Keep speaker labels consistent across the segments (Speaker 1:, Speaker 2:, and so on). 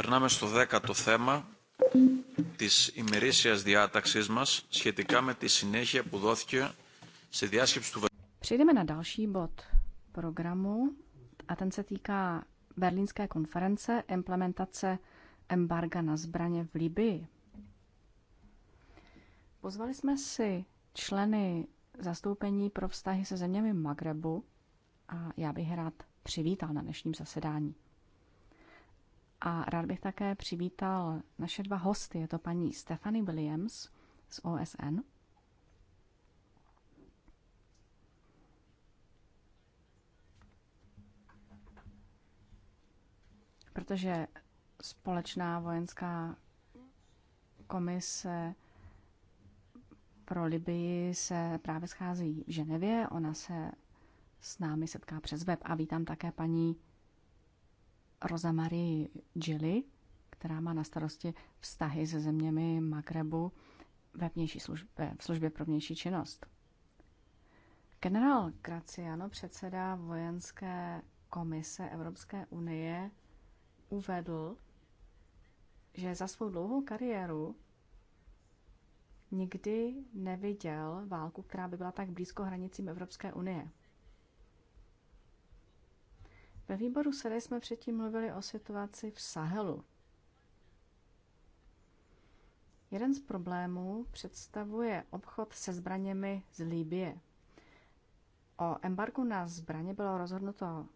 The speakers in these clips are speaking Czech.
Speaker 1: Περνάμε στο δέκατο θέμα της ημερήσιας διάταξής μας σχετικά με τη συνέχεια που δόθηκε σε διάσκεψη του
Speaker 2: Βερολίνου. na další bod programu a ten se týká berlínské konference implementace embarga na zbraně v Libii. Pozvali jsme si členy zastoupení pro vztahy se zeměmi Magrebu a já bych rád přivítal na dnešním zasedání. A rád bych také přivítal naše dva hosty. Je to paní Stephanie Williams z OSN. Protože společná vojenská komise pro Libii se právě schází v Ženevě. Ona se s námi setká přes web. A vítám také paní Rosa Marie Gilly, která má na starosti vztahy se zeměmi Magrebu ve, vnější službě, v službě pro vnější činnost. Generál Graciano, předseda vojenské komise Evropské unie, uvedl, že za svou dlouhou kariéru nikdy neviděl válku, která by byla tak blízko hranicím Evropské unie. Ve výboru SEDE jsme předtím mluvili o situaci v Sahelu. Jeden z problémů představuje obchod se zbraněmi z Líbie. O embargu na zbraně bylo rozhodnuto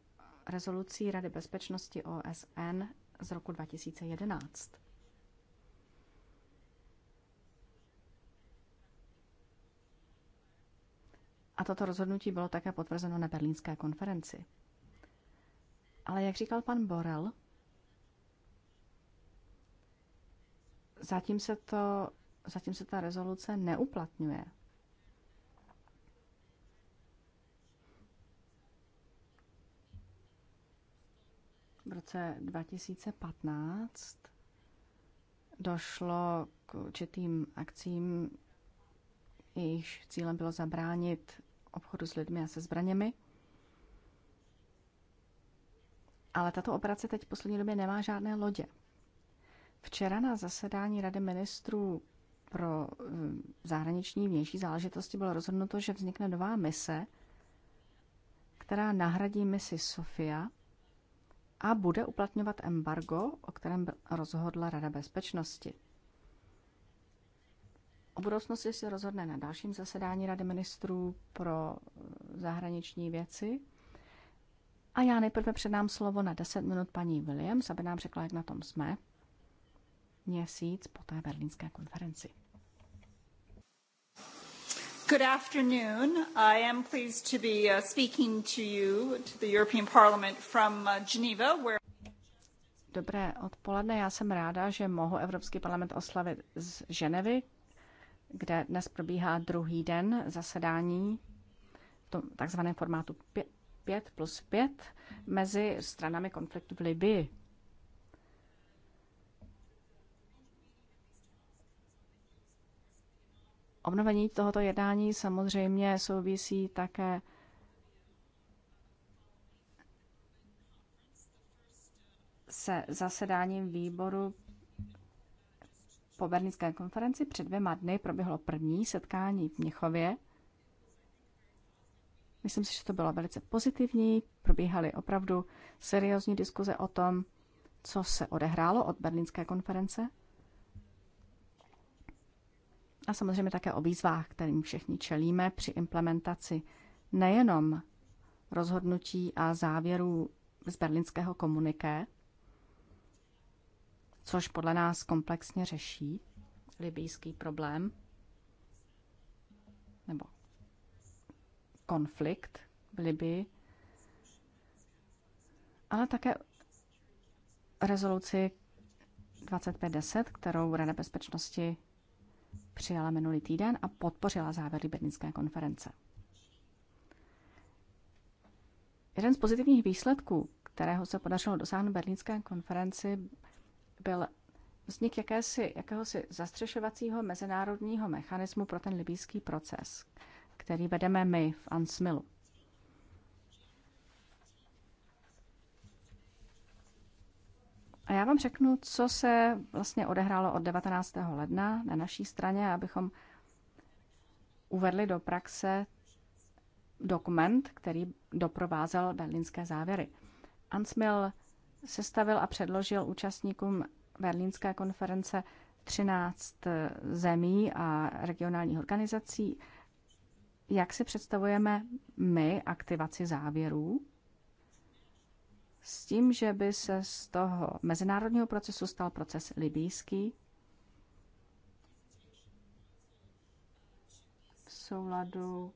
Speaker 2: rezolucí Rady bezpečnosti OSN z roku 2011. A toto rozhodnutí bylo také potvrzeno na berlínské konferenci. Ale jak říkal pan Borel, zatím se, to, zatím se ta rezoluce neuplatňuje. V roce 2015 došlo k určitým akcím, jejichž cílem bylo zabránit obchodu s lidmi a se zbraněmi. Ale tato operace teď v poslední době nemá žádné lodě. Včera na zasedání Rady ministrů pro hm, zahraniční vnější záležitosti bylo rozhodnuto, že vznikne nová mise, která nahradí misi Sofia a bude uplatňovat embargo, o kterém rozhodla Rada bezpečnosti. O budoucnosti se rozhodne na dalším zasedání Rady ministrů pro hm, zahraniční věci a já nejprve předám slovo na 10 minut paní Williams, aby nám řekla, jak na tom jsme měsíc po té berlínské konferenci. Good afternoon. I am pleased to be uh, speaking to you, to the European Parliament from uh, Geneva, where Dobré odpoledne, já jsem ráda, že mohu Evropský parlament oslavit z Ženevy, kde dnes probíhá druhý den zasedání v tom takzvaném formátu 5 plus 5 mezi stranami konfliktu v Libii. Obnovení tohoto jednání samozřejmě souvisí také se zasedáním výboru po Bernické konferenci před dvěma dny proběhlo první setkání v Měchově Myslím si, že to bylo velice pozitivní. Probíhaly opravdu seriózní diskuze o tom, co se odehrálo od berlínské konference. A samozřejmě také o výzvách, kterým všichni čelíme při implementaci nejenom rozhodnutí a závěrů z berlínského komuniké, což podle nás komplexně řeší libýský problém, nebo konflikt v Libii, ale také rezoluci 2510, kterou Rada bezpečnosti přijala minulý týden a podpořila závěry Berlínské konference. Jeden z pozitivních výsledků, kterého se podařilo dosáhnout Berlínské konferenci, byl vznik jakési, jakéhosi zastřešovacího mezinárodního mechanismu pro ten libýský proces, který vedeme my v Ansmilu. A já vám řeknu, co se vlastně odehrálo od 19. ledna na naší straně, abychom uvedli do praxe dokument, který doprovázel berlínské závěry. Ansmil sestavil a předložil účastníkům berlínské konference 13 zemí a regionálních organizací jak si představujeme my aktivaci závěrů s tím, že by se z toho mezinárodního procesu stal proces libýský v souladu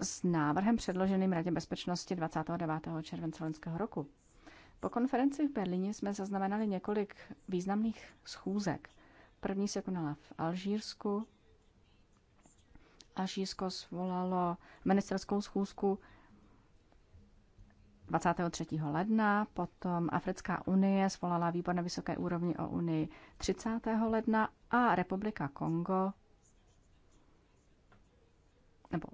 Speaker 2: s návrhem předloženým Radě bezpečnosti 29. července loňského roku. Po konferenci v Berlíně jsme zaznamenali několik významných schůzek. První se konala v Alžírsku, a Šísko svolalo ministerskou schůzku 23. ledna, potom Africká unie svolala výbor na vysoké úrovni o unii 30. ledna a Republika Kongo nebo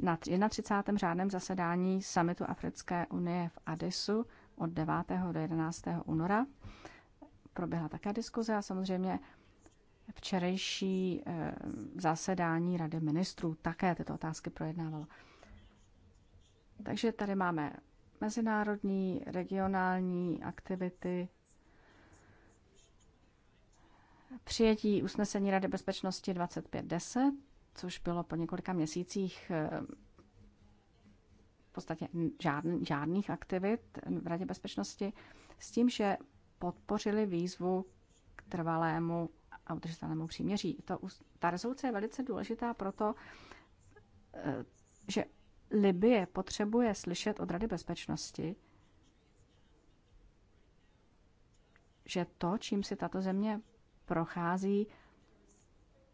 Speaker 2: na 31. řádném zasedání samitu Africké unie v Addisu od 9. do 11. února. Proběhla také diskuze a samozřejmě včerejší eh, zasedání Rady ministrů také tyto otázky projednávalo. Takže tady máme mezinárodní, regionální aktivity, přijetí usnesení Rady bezpečnosti 2510, což bylo po několika měsících eh, v podstatě žádn, žádných aktivit v Radě bezpečnosti, s tím, že podpořili výzvu k trvalému a udržitelnému příměří. To, ta rezoluce je velice důležitá proto, eh, že Libie potřebuje slyšet od Rady bezpečnosti, že to, čím si tato země prochází,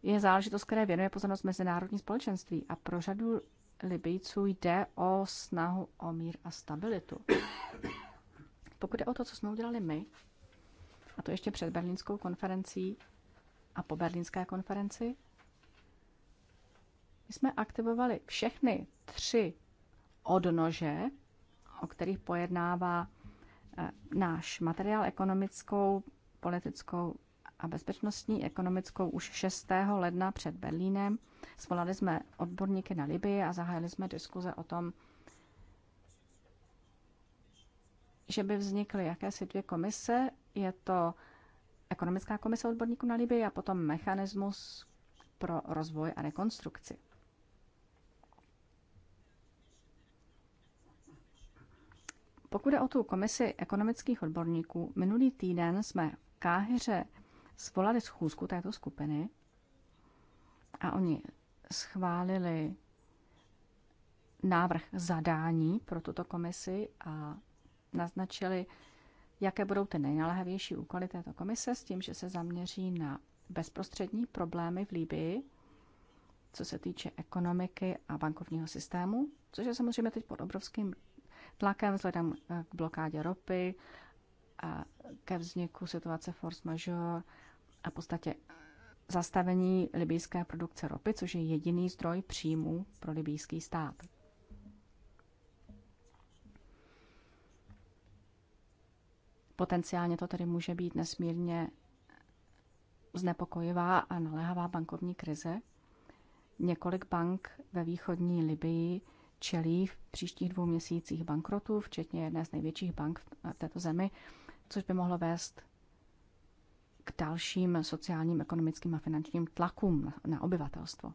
Speaker 2: je záležitost, které věnuje pozornost mezinárodní společenství. A pro řadu Libijců jde o snahu o mír a stabilitu. Pokud je o to, co jsme udělali my, a to ještě před berlínskou konferencí, a po berlínské konferenci. My jsme aktivovali všechny tři odnože, o kterých pojednává eh, náš materiál ekonomickou, politickou a bezpečnostní ekonomickou už 6. ledna před Berlínem. Svolali jsme odborníky na Libii a zahájili jsme diskuze o tom, že by vznikly jakési dvě komise. Je to ekonomická komise odborníků na Libii a potom mechanismus pro rozvoj a rekonstrukci. Pokud je o tu komisi ekonomických odborníků, minulý týden jsme v Káhyře svolali schůzku této skupiny a oni schválili návrh zadání pro tuto komisi a naznačili, jaké budou ty nejnaléhavější úkoly této komise s tím, že se zaměří na bezprostřední problémy v Líbii, co se týče ekonomiky a bankovního systému, což je samozřejmě teď pod obrovským tlakem vzhledem eh, k blokádě ropy, a ke vzniku situace force majeure a v podstatě zastavení libijské produkce ropy, což je jediný zdroj příjmů pro libijský stát. Potenciálně to tedy může být nesmírně znepokojivá a naléhavá bankovní krize. Několik bank ve východní Libii čelí v příštích dvou měsících bankrotu, včetně jedné z největších bank v této zemi, což by mohlo vést k dalším sociálním, ekonomickým a finančním tlakům na obyvatelstvo.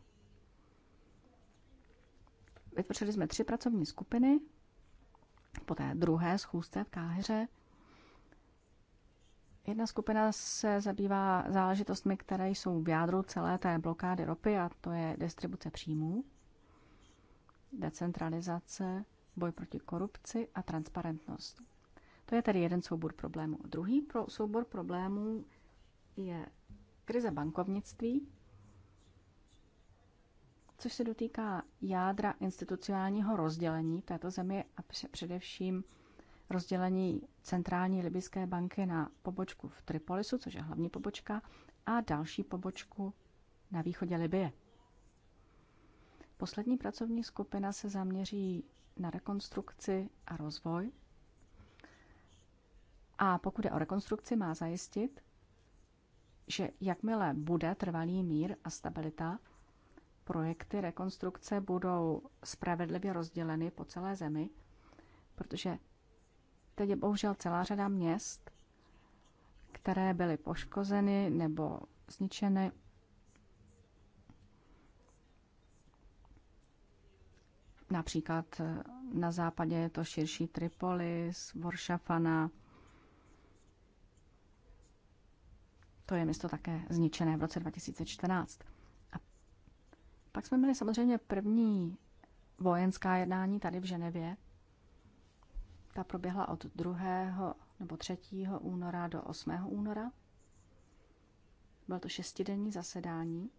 Speaker 2: Vytvořili jsme tři pracovní skupiny po té druhé schůzce v Káheře – Jedna skupina se zabývá záležitostmi, které jsou v jádru celé té blokády ropy, a to je distribuce příjmů, decentralizace, boj proti korupci a transparentnost. To je tedy jeden soubor problémů. Druhý pro, soubor problémů je krize bankovnictví, což se dotýká jádra institucionálního rozdělení této zemi a především rozdělení centrální libyské banky na pobočku v Tripolisu, což je hlavní pobočka, a další pobočku na východě Libie. Poslední pracovní skupina se zaměří na rekonstrukci a rozvoj. A pokud je o rekonstrukci, má zajistit, že jakmile bude trvalý mír a stabilita, projekty rekonstrukce budou spravedlivě rozděleny po celé zemi, protože Teď je bohužel celá řada měst, které byly poškozeny nebo zničeny. Například eh, na západě je to širší Tripolis, Voršafana. To je město také zničené v roce 2014. A pak jsme měli samozřejmě první vojenská jednání tady v Ženevě ta proběhla od 2. nebo 3. února do 8. února. Bylo to šestidenní zasedání,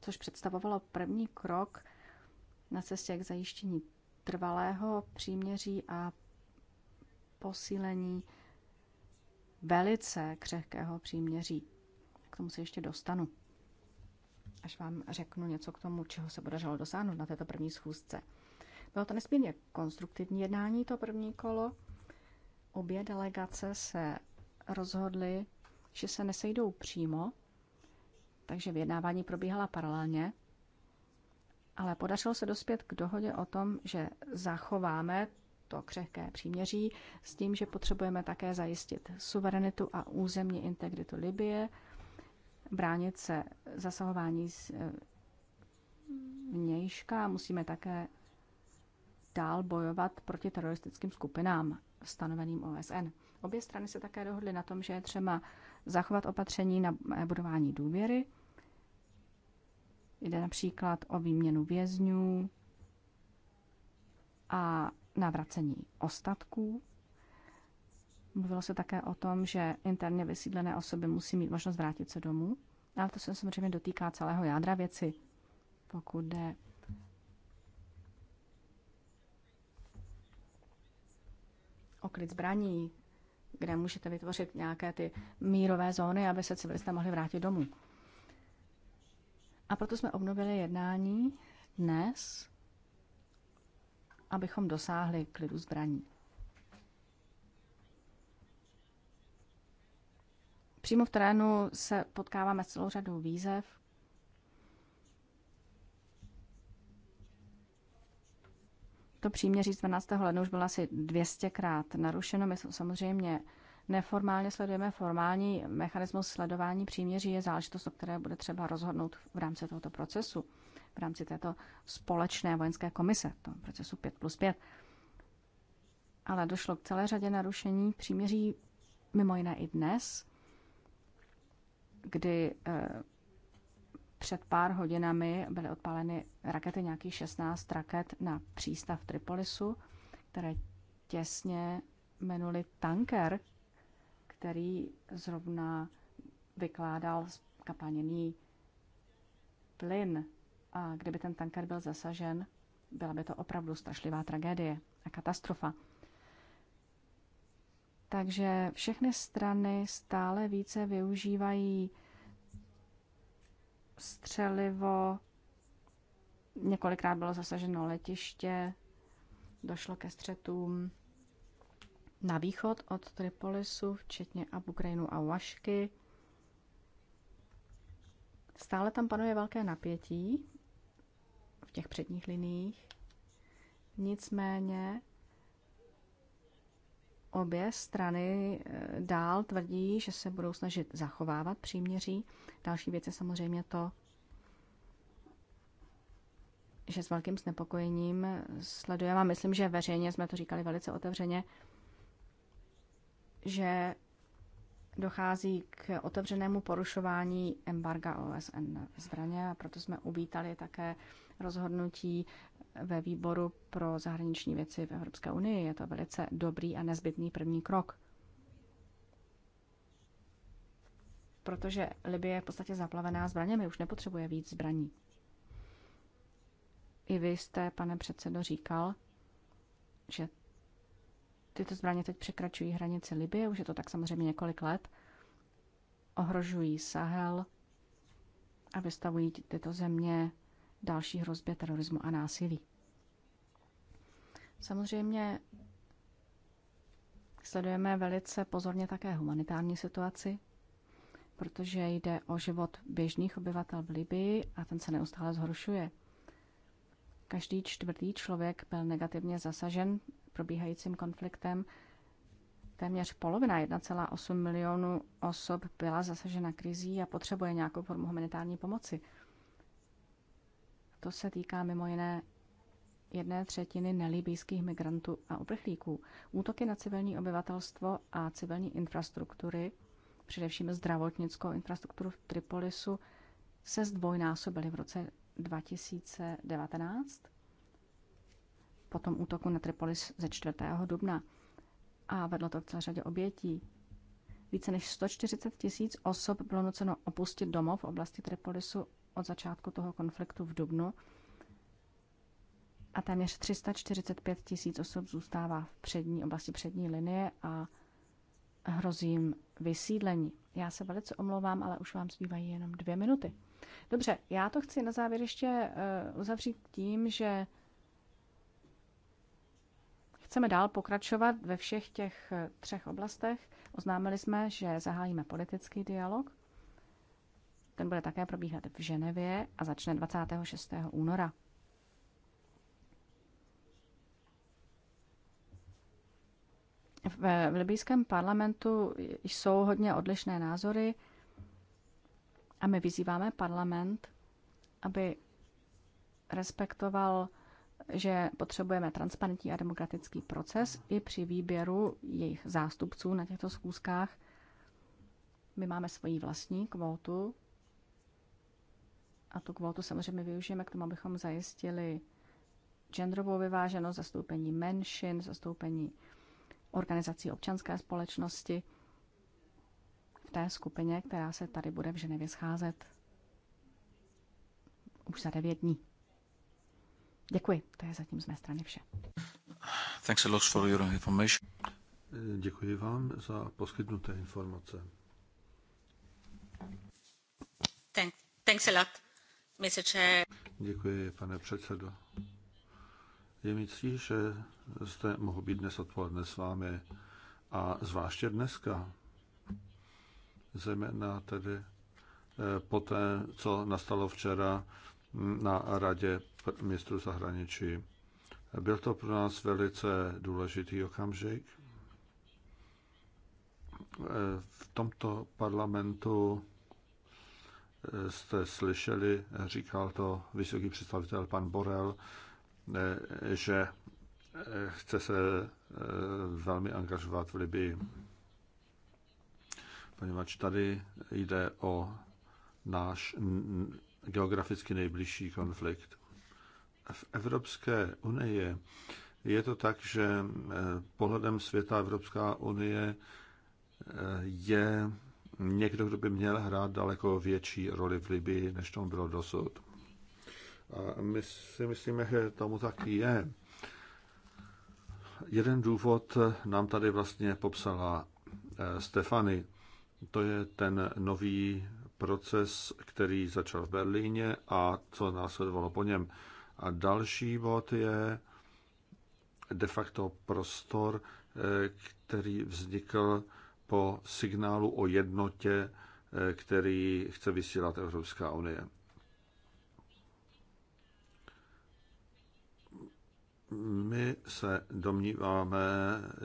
Speaker 2: což představovalo první krok na cestě k zajištění trvalého příměří a posílení velice křehkého příměří. K tomu se ještě dostanu, až vám řeknu něco k tomu, čeho se podařilo dosáhnout na této první schůzce. Bylo to nesmírně konstruktivní jednání, to první kolo. Obě delegace se rozhodly, že se nesejdou přímo, takže vyjednávání probíhala paralelně, ale podařilo se dospět k dohodě o tom, že zachováme to křehké příměří s tím, že potřebujeme také zajistit suverenitu a územní integritu Libie, bránit se zasahování z eh, vnějška, musíme také dál bojovat proti teroristickým skupinám stanoveným OSN. Obě strany se také dohodly na tom, že je třeba zachovat opatření na budování důvěry. Jde například o výměnu vězňů a navracení ostatků. Mluvilo se také o tom, že interně vysídlené osoby musí mít možnost vrátit se domů, ale to se samozřejmě dotýká celého jádra věci, pokud jde pokryt zbraní, kde můžete vytvořit nějaké ty mírové zóny, aby se civilisté mohli vrátit domů. A proto jsme obnovili jednání dnes, abychom dosáhli klidu zbraní. Přímo v terénu se potkáváme s celou řadou výzev, To příměří z 12. ledna už bylo asi 200krát narušeno. My samozřejmě neformálně sledujeme formální mechanismus sledování příměří je záležitost, o které bude třeba rozhodnout v rámci tohoto procesu, v rámci této společné vojenské komise, toho procesu 5 plus 5. Ale došlo k celé řadě narušení příměří, mimo jiné i dnes, kdy eh, před pár hodinami byly odpáleny rakety, nějakých 16 raket na přístav Tripolisu, které těsně minuli tanker, který zrovna vykládal kapaněný plyn. A kdyby ten tanker byl zasažen, byla by to opravdu strašlivá tragédie a katastrofa. Takže všechny strany stále více využívají střelivo, několikrát bylo zasaženo letiště, došlo ke střetům na východ od Tripolisu, včetně Abu Ghrainu a Vašky. Stále tam panuje velké napětí v těch předních liních. Nicméně Obě strany eh, dál tvrdí, že se budou snažit zachovávat příměří. Další věc je samozřejmě to, že s velkým znepokojením sledujeme, a myslím, že veřejně jsme to říkali velice otevřeně, že dochází k otevřenému porušování embarga OSN na zbraně a proto jsme uvítali také rozhodnutí ve výboru pro zahraniční věci v Evropské unii. Je to velice dobrý a nezbytný první krok. Protože Libie je v podstatě zaplavená zbraněmi, už nepotřebuje víc zbraní. I vy jste, pane předsedo, říkal, že Tyto zbraně teď překračují hranice Libie, už je to tak samozřejmě několik let. Ohrožují Sahel a vystavují tyto země další hrozbě terorismu a násilí. Samozřejmě sledujeme velice pozorně také humanitární situaci, protože jde o život běžných obyvatel v Libii a ten se neustále zhoršuje. Každý čtvrtý člověk byl negativně zasažen probíhajícím konfliktem téměř polovina, 1,8 milionů osob byla zasažena krizí a potřebuje nějakou formu humanitární pomoci. To se týká mimo jiné jedné třetiny nelibijských migrantů a uprchlíků. Útoky na civilní obyvatelstvo a civilní infrastruktury, především zdravotnickou infrastrukturu v Tripolisu, se zdvojnásobily v roce 2019 po tom útoku na Tripolis ze 4. dubna a vedlo to k celé řadě obětí. Více než 140 tisíc osob bylo nuceno opustit domov v oblasti Tripolisu od začátku toho konfliktu v Dubnu a téměř 345 tisíc osob zůstává v přední oblasti přední linie a hrozí vysídlení. Já se velice omlouvám, ale už vám zbývají jenom dvě minuty. Dobře, já to chci na závěr ještě eh, uzavřít tím, že Chceme dál pokračovat ve všech těch eh, třech oblastech. Oznámili jsme, že zahájíme politický dialog. Ten bude také probíhat v Ženevě a začne 26. února. Eh, v, libijském parlamentu jsou hodně odlišné názory a my vyzýváme parlament, aby respektoval že potřebujeme transparentní a demokratický proces i při výběru jejich zástupců na těchto schůzkách. My máme svoji vlastní kvótu a tu kvótu samozřejmě využijeme k tomu, abychom zajistili genderovou vyváženost, zastoupení menšin, zastoupení organizací občanské společnosti v té skupině, která se tady bude v Ženevě scházet už za devět dní. Děkuji. To je zatím z mé strany vše.
Speaker 1: Thanks a lot for your information. Děkuji vám za poskytnuté informace.
Speaker 2: Thank, thanks a lot, Mr.
Speaker 1: Chair. Děkuji, pane předsedo. Je mi ctí, že jste mohl být dnes odpoledne s vámi a zvláště dneska, zejména tedy eh, po té, co nastalo včera na Radě ministrů zahraničí. Byl to pro nás velice důležitý okamžik. V tomto parlamentu eh, jste slyšeli, říkal to vysoký představitel pan Borel, eh, že eh, chce se velmi angažovat v Libii, poněvadž tady jde o náš geograficky nejbližší konflikt. V Evropské unii je to tak, že eh, pohledem světa Evropská unie eh, je někdo, kdo by měl hrát daleko větší roli v Libii, než tomu bylo dosud. A my si myslíme, že tomu tak je. Jeden důvod nám tady vlastně popsala eh, Stefany. To je ten nový proces, který začal v Berlíně a co následovalo po něm. A další bod je de facto prostor, eh, který vznikl po signálu o jednotě, eh, který chce vysílat Evropská unie. My se domníváme,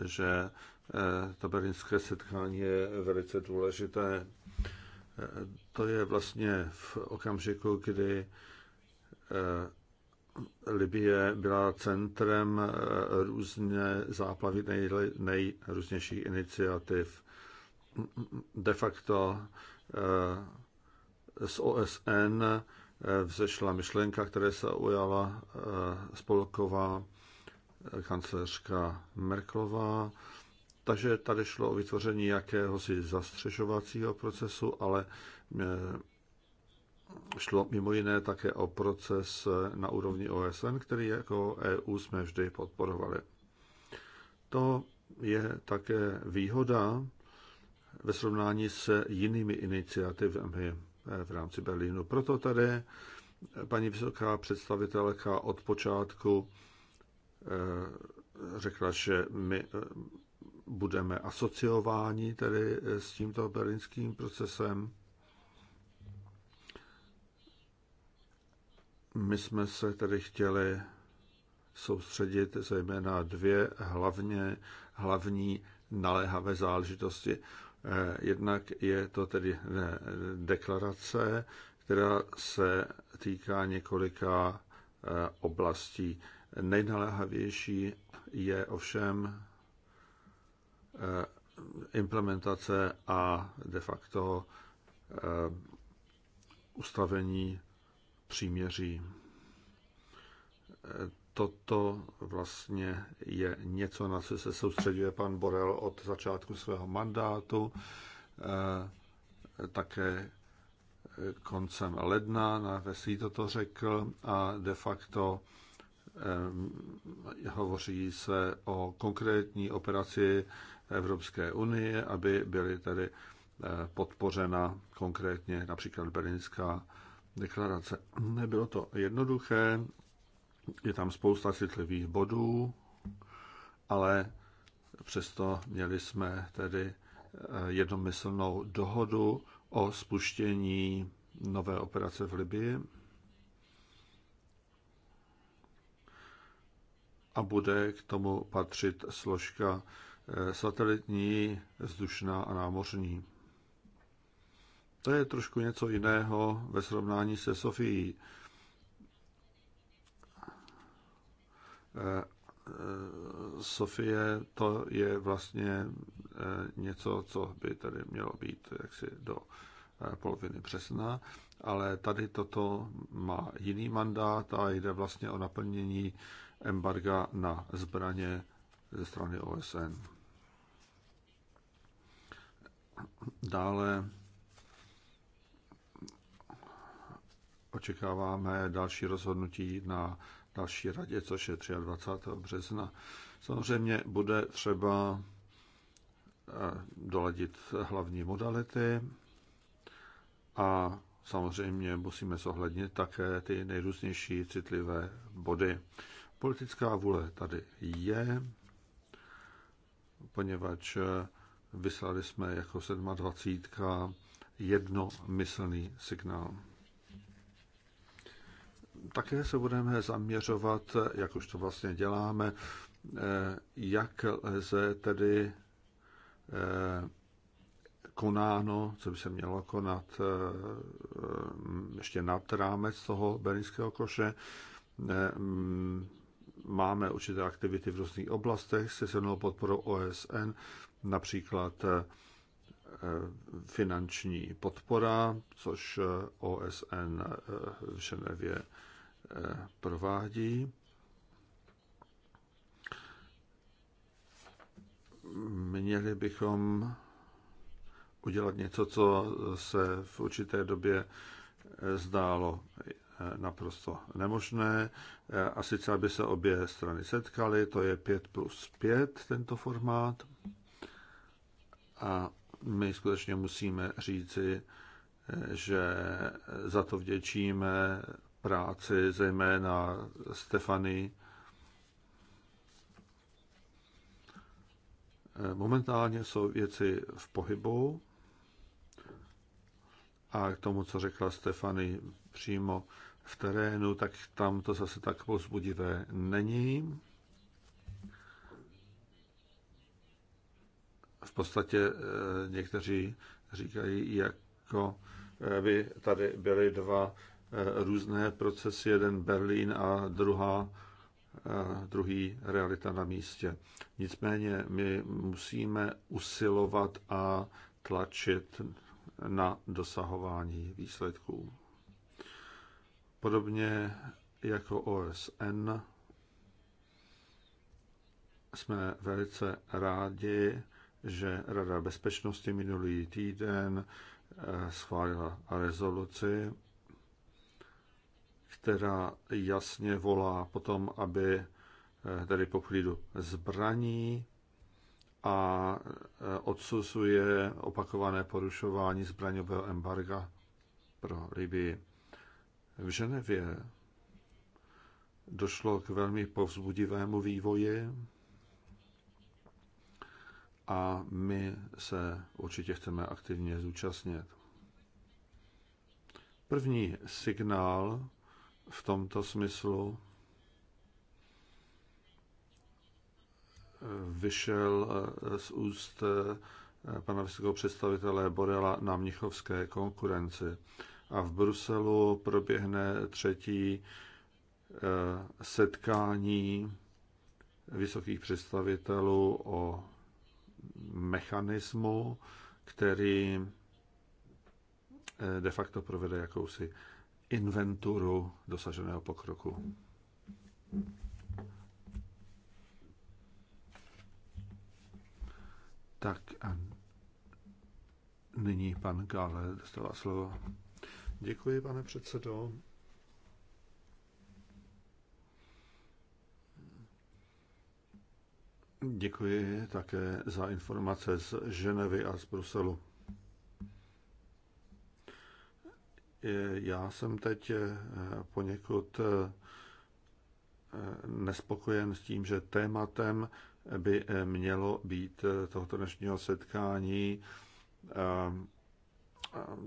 Speaker 1: že eh, to berlínské setkání je velice důležité to je vlastně v okamžiku, kdy eh, Libie byla centrem eh, různě záplavy nej, nejrůznějších iniciativ. De facto eh, z OSN vzešla myšlenka, které se ujala spolková kancelářka Merklová, takže tady šlo o vytvoření jakéhosi zastřešovacího procesu, ale eh, šlo mimo jiné také o proces eh, na úrovni OSN, který jako EU jsme vždy podporovali. To je také výhoda eh, ve srovnání s jinými iniciativami v rámci Berlínu. Proto tady paní vysoká představitelka od počátku řekla, že my budeme asociováni tedy eh, s tímto berlínským procesem. My jsme se tedy chtěli soustředit zejména dvě hlavně, hlavní naléhavé záležitosti. Eh, jednak je to tedy eh, deklarace, která se týká několika oblastí. Nejnaléhavější je ovšem Eh, implementace a de facto eh, ustavení příměří. Eh, toto vlastně je něco, na co se soustředuje pan Borel od začátku svého mandátu, také koncem ledna na vesí toto řekl a de facto hovoří se o konkrétní operaci Evropské unie, aby byly tady eh, podpořena konkrétně například Berlínská deklarace. Nebylo to jednoduché, je tam spousta citlivých bodů, ale přesto měli jsme tedy eh, jednomyslnou dohodu o spuštění nové operace v Libii. A bude k tomu patřit složka Eh, satelitní, vzdušná a námořní. To je trošku něco jiného ve srovnání se Sofií. Eh, eh, Sofie to je vlastně něco, co by tady mělo být jaksi do poloviny března, ale tady toto má jiný mandát a jde vlastně o naplnění embarga na zbraně ze strany OSN. Dále očekáváme další rozhodnutí na další radě, což je 23. března. Samozřejmě bude třeba eh, doladit hlavní modality a samozřejmě musíme zohlednit také ty nejrůznější citlivé body. Politická vůle tady je, poněvadž eh, vyslali jsme jako 27. jednomyslný signál. Také se budeme zaměřovat, jak už to vlastně děláme, eh, jak lze tedy eh, konáno, co by se mělo konat eh, ještě nad rámec toho berlínského koše. Mm, máme určité aktivity v různých oblastech se silnou podporou OSN, například eh, finanční podpora, což eh, OSN eh, v Ženevě provádí. Měli bychom udělat něco, co se v určité době zdálo naprosto nemožné. A sice, aby se obě strany setkaly, to je 5 plus 5 tento formát. A my skutečně musíme říci, že za to vděčíme práci zejména Stefany. Momentálně jsou věci v pohybu a k tomu, co řekla Stefany přímo v terénu, tak tam to zase tak pozbudivé není. v podstatě eh, někteří říkají, jako eh, by tady byly dva eh, různé procesy, jeden Berlín a druhá, druhý realita na místě. Nicméně my musíme usilovat a tlačit na dosahování výsledků. Podobně jako OSN jsme velice rádi, že Rada bezpečnosti minulý týden eh, schválila rezoluci, která jasně volá potom, aby eh, tedy poklidu zbraní a eh, odsuzuje opakované porušování zbraňového embarga pro ryby. V Ženevě došlo k velmi povzbudivému vývoji a my se určitě chceme aktivně zúčastnit. První signál v tomto smyslu vyšel z úst eh, pana vysokého představitele Borela na Mnichovské konkurenci. A v Bruselu proběhne třetí eh, setkání vysokých představitelů o mechanismu, který eh, de facto provede jakousi inventuru dosaženého pokroku. Tak a nyní pan Gále dostává slovo. Děkuji, pane předsedo. Děkuji také za informace z Ženevy a z Bruselu. Já jsem teď eh, poněkud eh, nespokojen s tím, že tématem by eh, mělo být tohoto dnešního setkání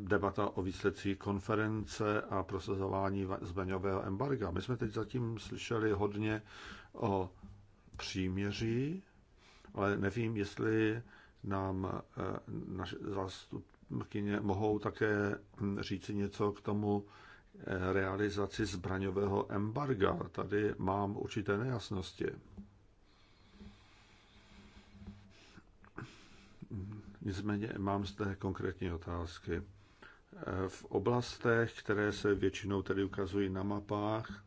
Speaker 1: debata o výsledcích konference a prosazování zbraňového embarga. My jsme teď zatím slyšeli hodně o příměří, ale nevím, jestli nám eh, naše zástupkyně mohou také hm, říci něco k tomu eh, realizaci zbraňového embarga. Tady mám určité nejasnosti. Nicméně mám zde konkrétní otázky. Eh, v oblastech, které se většinou tedy ukazují na mapách,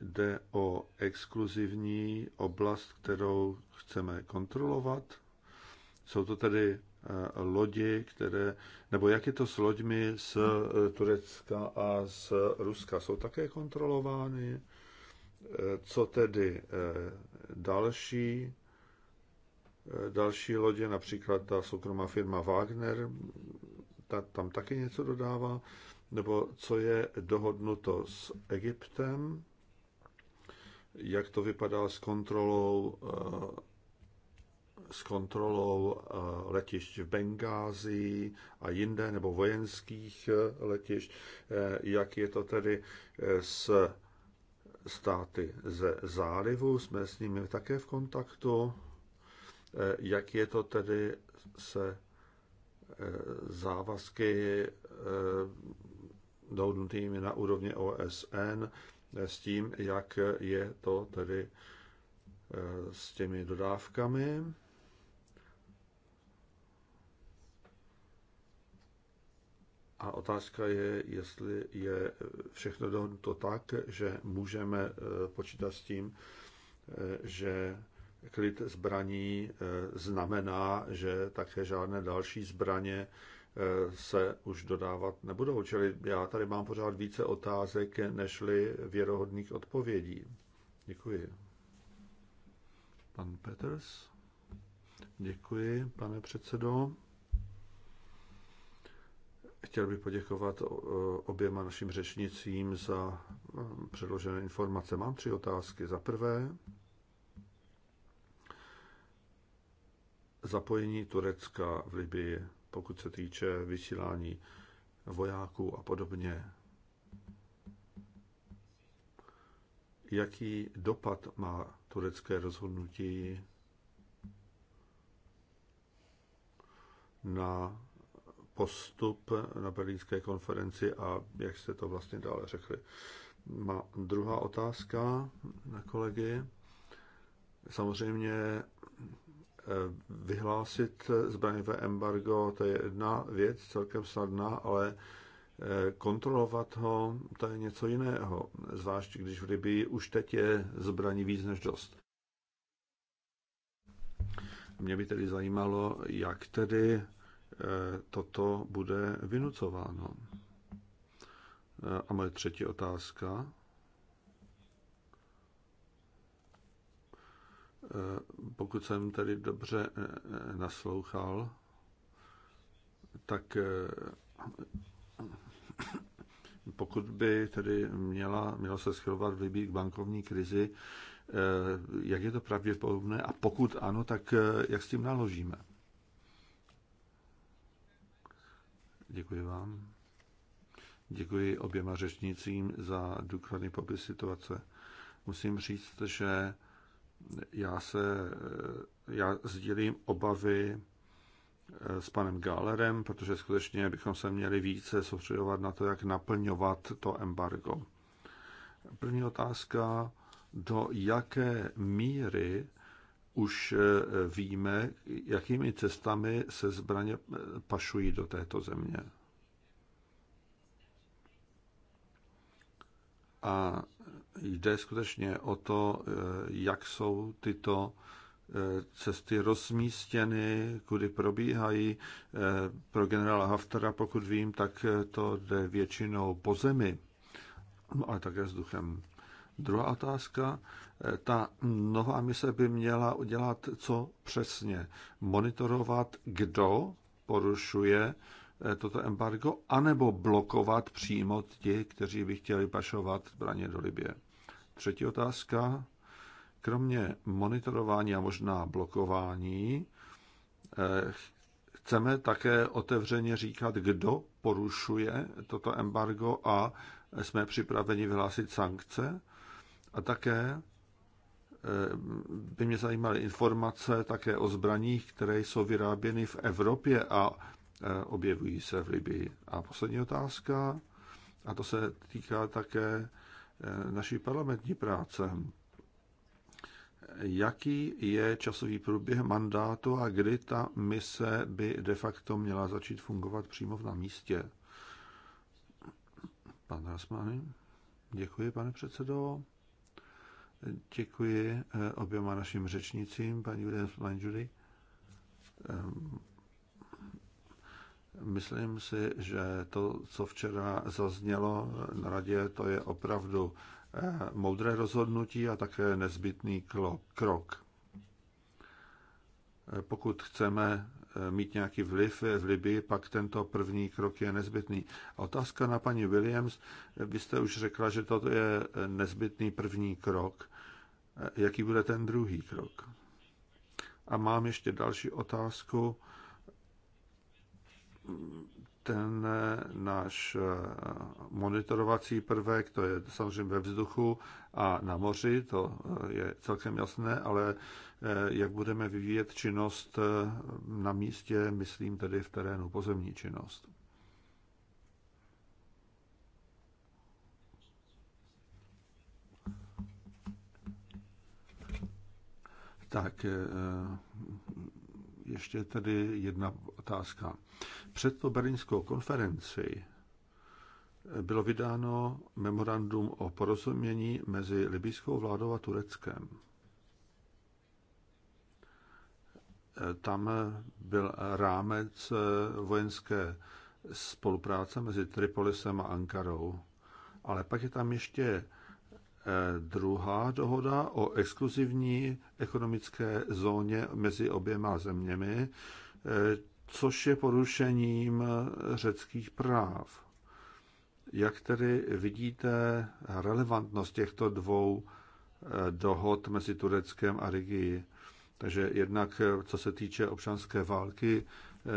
Speaker 1: jde o exkluzivní oblast, kterou chceme kontrolovat? Jsou to tedy eh, lodi, které, nebo jak je to s loďmi z eh, Turecka a z Ruska, jsou také kontrolovány? Eh, co tedy další, další lodě, například ta soukromá firma Wagner, ta tam taky něco dodává nebo co je dohodnuto s Egyptem, jak to vypadá s kontrolou, eh, s kontrolou eh, letišť v Bengázi a jinde, nebo vojenských eh, letišť, jak je to tedy s státy ze zálivu, jsme s nimi také v kontaktu, jak je to tedy se závazky dohodnutými na úrovni OSN s tím, jak je to tedy eh, s těmi dodávkami. A otázka je, jestli je všechno dohodnuto tak, že můžeme eh, počítat s tím, eh, že klid zbraní znamená, že také žádné další zbraně Eh, se už dodávat nebudou. Čili já tady mám pořád více otázek, nežli věrohodných odpovědí. Děkuji. Pan Peters. Děkuji, pane předsedo. Chtěl bych poděkovat eh, oběma našim řečnicím za eh, předložené informace. Mám tři otázky. Za prvé, zapojení Turecka v Libii pokud se týče vysílání vojáků a podobně. Jaký dopad má turecké rozhodnutí na postup na berlínské konferenci a jak jste to vlastně dále řekli. Má druhá otázka na kolegy. Samozřejmě Eh, vyhlásit zbraňové embargo, to je jedna věc celkem snadná, ale eh, kontrolovat ho, to je něco jiného, zvlášť když v Libii už teď je zbraní víc než dost. Mě by tedy zajímalo, jak tedy eh, toto bude vynucováno. A moje třetí otázka. Eh, pokud jsem tedy dobře eh, eh, naslouchal, tak pokud by tedy měla, měla se schylovat v Libii k bankovní krizi, jak je to pravděpodobné a pokud ano, tak jak s tím naložíme? Děkuji vám. Děkuji oběma řečnicím za důkladný popis situace. Musím říct, že já se, eh, já sdílím obavy eh, s panem Gálerem, protože skutečně bychom se měli více soustředovat na to, jak naplňovat to embargo. První otázka, do jaké míry už eh, víme, jakými cestami se zbraně pašují do této země. A jde skutečně o to, eh, jak jsou tyto eh, cesty rozmístěny, kudy probíhají. Eh, pro generála Haftara, pokud vím, tak to jde většinou po zemi, ale také duchem. Druhá otázka. Ta nová mise by měla udělat co přesně? Monitorovat, kdo porušuje toto embargo, anebo blokovat přímo ti, kteří by chtěli pašovat zbraně do Libie. Třetí otázka. Kromě monitorování a možná blokování, eh, chceme také otevřeně říkat, kdo porušuje toto embargo a jsme připraveni vyhlásit sankce. A také eh, by mě zajímaly informace také o zbraních, které jsou vyráběny v Evropě a eh, objevují se v Libii. A poslední otázka, a to se týká také naší parlamentní práce. Jaký je časový průběh mandátu a kdy ta mise by de facto měla začít fungovat přímo na místě? Pan Rasmany. Děkuji, pane předsedo. Děkuji eh, oběma našim řečnicím, paní Williams Judy ehm, Myslím si, že to, co včera zaznělo na radě, to je opravdu eh, moudré rozhodnutí a také nezbytný krok. Eh, pokud chceme eh, mít nějaký vliv v Libii, pak tento první krok je nezbytný. otázka na paní Williams. Vy jste už řekla, že toto je nezbytný první krok. Jaký bude ten druhý krok? A mám ještě další otázku ten náš eh, monitorovací prvek, to je samozřejmě ve vzduchu a na moři, to eh, je celkem jasné, ale eh, jak budeme vyvíjet činnost na místě, myslím tedy v terénu, pozemní činnost. Tak, ještě tedy jedna otázka. Před to berlínskou konferenci bylo vydáno memorandum o porozumění mezi libyskou vládou a Tureckem. Tam byl rámec vojenské spolupráce mezi Tripolisem a Ankarou, ale pak je tam ještě Eh, druhá dohoda o exkluzivní ekonomické zóně mezi oběma zeměmi, eh, což je porušením řeckých práv. Jak tedy vidíte relevantnost těchto dvou eh, dohod mezi Tureckem a Rigií? Takže jednak co se týče občanské války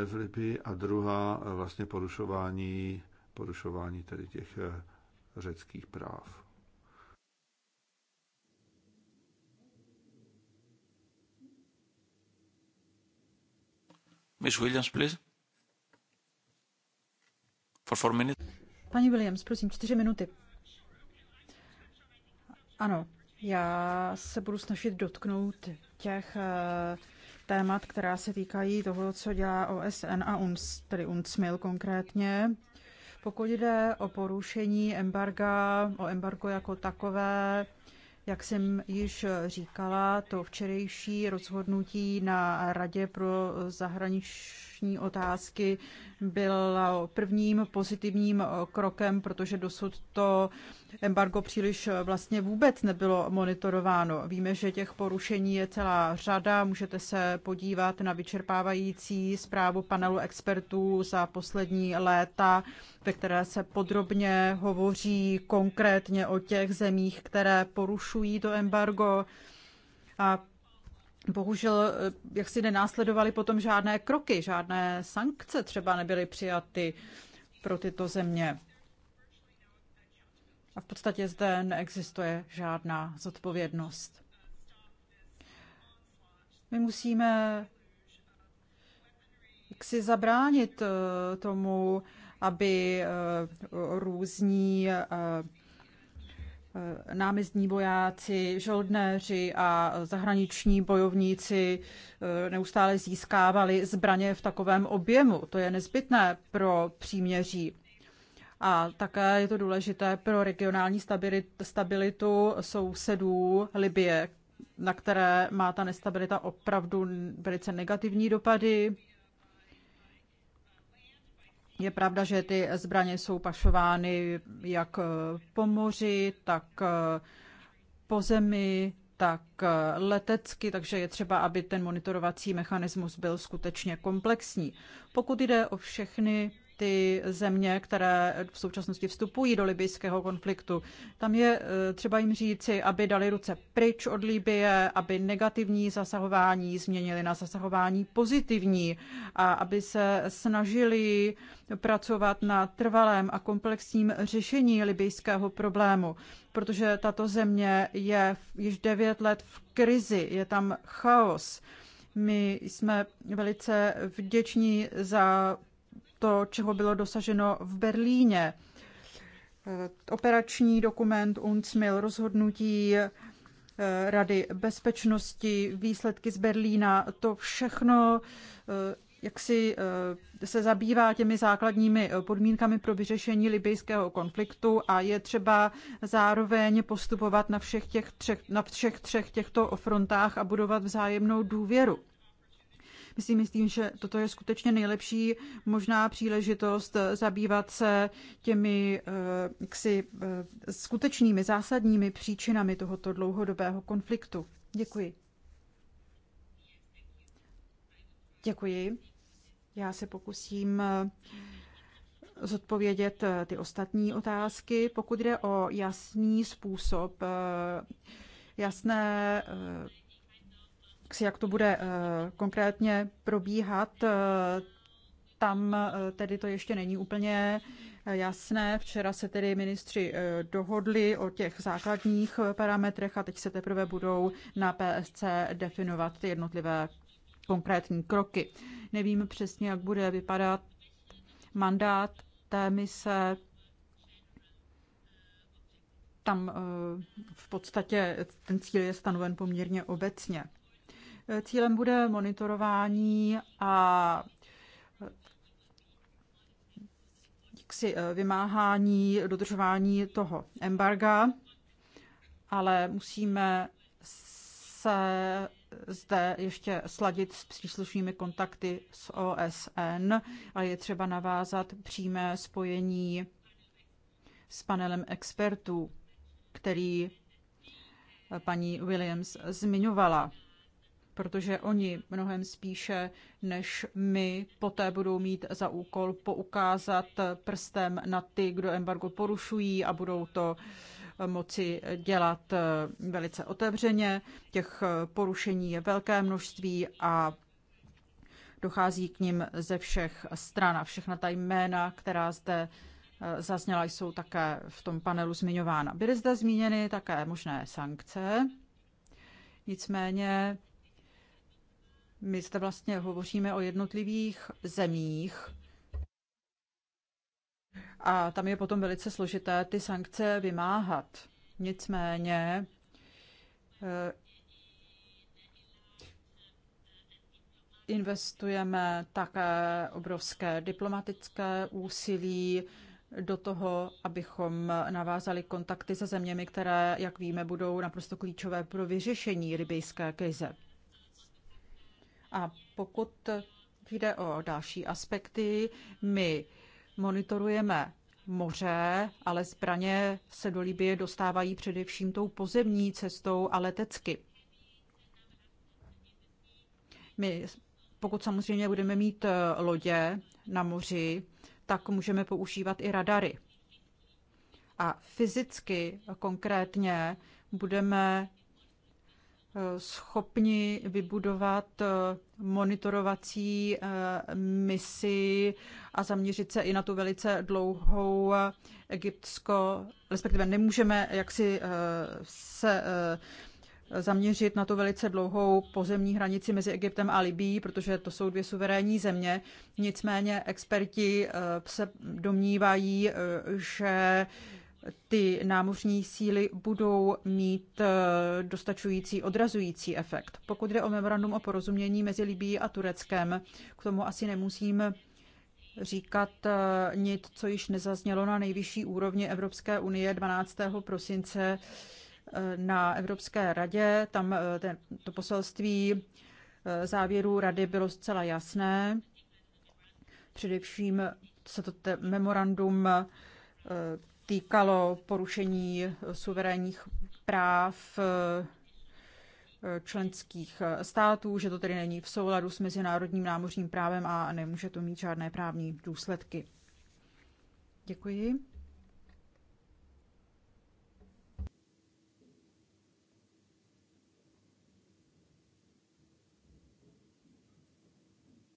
Speaker 1: v Libii a druhá vlastně porušování, porušování tedy těch řeckých práv. Ms. Williams, please. For four minutes.
Speaker 3: Paní Williams, prosím, čtyři minuty. Ano, já se budu snažit dotknout těch eh, témat, která se týkají toho, co dělá OSN a UNS, tedy UNSMIL konkrétně. Pokud jde o porušení embarga, o embargo jako takové, jak jsem již říkala, to včerejší rozhodnutí na Radě pro zahraniční migrační otázky bylo prvním pozitivním krokem, protože dosud to embargo příliš vlastně vůbec nebylo monitorováno. Víme, že těch porušení je celá řada. Můžete se podívat na vyčerpávající zprávu panelu expertů za poslední léta, ve které se podrobně hovoří konkrétně o těch zemích, které porušují to embargo. A bohužel eh, jak si nenásledovaly potom žádné kroky, žádné sankce třeba nebyly přijaty pro tyto země. A v podstatě zde neexistuje žádná zodpovědnost. My musíme jak si zabránit eh, tomu, aby eh, různí Eh, námezdní vojáci, žoldnéři a zahraniční bojovníci eh, neustále získávali zbraně v takovém objemu. To je nezbytné pro příměří. A také je to důležité pro regionální stabilitu sousedů Libie, na které má ta nestabilita opravdu velice negativní dopady. Je pravda, že ty zbraně jsou pašovány jak eh, po moři, tak eh, po zemi, tak eh, letecky, takže je třeba, aby ten monitorovací mechanismus byl skutečně komplexní. Pokud jde o všechny ty země, které v současnosti vstupují do libyjského konfliktu. Tam je eh, třeba jim říci, aby dali ruce pryč od Libie, aby negativní zasahování změnili na zasahování pozitivní a aby se snažili pracovat na trvalém a komplexním řešení libyjského problému, protože tato země je již devět let v krizi, je tam chaos. My jsme velice vděční za to, čeho bylo dosaženo v Berlíně. Operační dokument UNCMIL, rozhodnutí eh, Rady bezpečnosti, výsledky z Berlína, to všechno eh, jak si eh, se zabývá těmi základními podmínkami pro vyřešení libyjského konfliktu a je třeba zároveň postupovat na všech, těch třech, na všech třech těchto frontách a budovat vzájemnou důvěru. My si myslím, že toto je skutečně nejlepší možná příležitost eh, zabývat se těmi eh, ksi, eh, skutečnými zásadními příčinami tohoto dlouhodobého konfliktu. Děkuji. Děkuji. Já se pokusím zodpovědět ty ostatní otázky. Pokud jde o jasný způsob, jasné jak to bude eh, konkrétně probíhat, eh, tam eh, tedy to ještě není úplně jasné. Včera se tedy ministři dohodli o těch základních parametrech a teď se teprve budou na PSC definovat ty jednotlivé konkrétní kroky. Nevím přesně, jak bude vypadat mandát té mise. Tam v podstatě ten cíl je stanoven poměrně obecně. Cílem bude monitorování a jaksi eh, vymáhání, dodržování toho embarga, ale musíme se zde ještě sladit s příslušnými kontakty s OSN a je třeba navázat přímé spojení s panelem expertů, který eh, paní Williams zmiňovala protože oni mnohem spíše než my poté budou mít za úkol poukázat prstem na ty, kdo embargo porušují a budou to eh, moci dělat eh, velice otevřeně. Těch eh, porušení je velké množství a dochází k ním ze všech stran a všechna ta jména, která zde zazněla, jsou také v tom panelu zmiňována. Byly zde zmíněny také možné sankce, nicméně my zde vlastně hovoříme o jednotlivých zemích a tam je potom velice složité ty sankce vymáhat. Nicméně eh, investujeme také obrovské diplomatické úsilí do toho, abychom navázali kontakty se zeměmi, které, jak víme, budou naprosto klíčové pro vyřešení rybejské krize. A pokud jde o další aspekty, my monitorujeme moře, ale zbraně se do Libie dostávají především tou pozemní cestou a letecky. My, pokud samozřejmě budeme mít eh, lodě na moři, tak můžeme používat i radary. A fyzicky konkrétně budeme schopni vybudovat eh, monitorovací eh, misi a zaměřit se i na tu velice dlouhou eh, egyptsko, respektive nemůžeme jaksi se zaměřit na tu velice dlouhou pozemní hranici mezi Egyptem a Libí, protože to jsou dvě suverénní země. Nicméně experti se domnívají, že ty námořní síly budou mít eh, dostačující odrazující efekt. Pokud jde o memorandum o porozumění mezi Libí a Tureckem, k tomu asi nemusím říkat eh, nic, co již nezaznělo na nejvyšší úrovni Evropské unie 12. prosince eh, na Evropské radě. Tam to poselství závěrů rady bylo zcela jasné. Především se to memorandum týkalo porušení eh, suverénních práv eh, členských eh, států, že to tedy není v souladu s mezinárodním námořním právem a nemůže to mít žádné právní důsledky. Děkuji.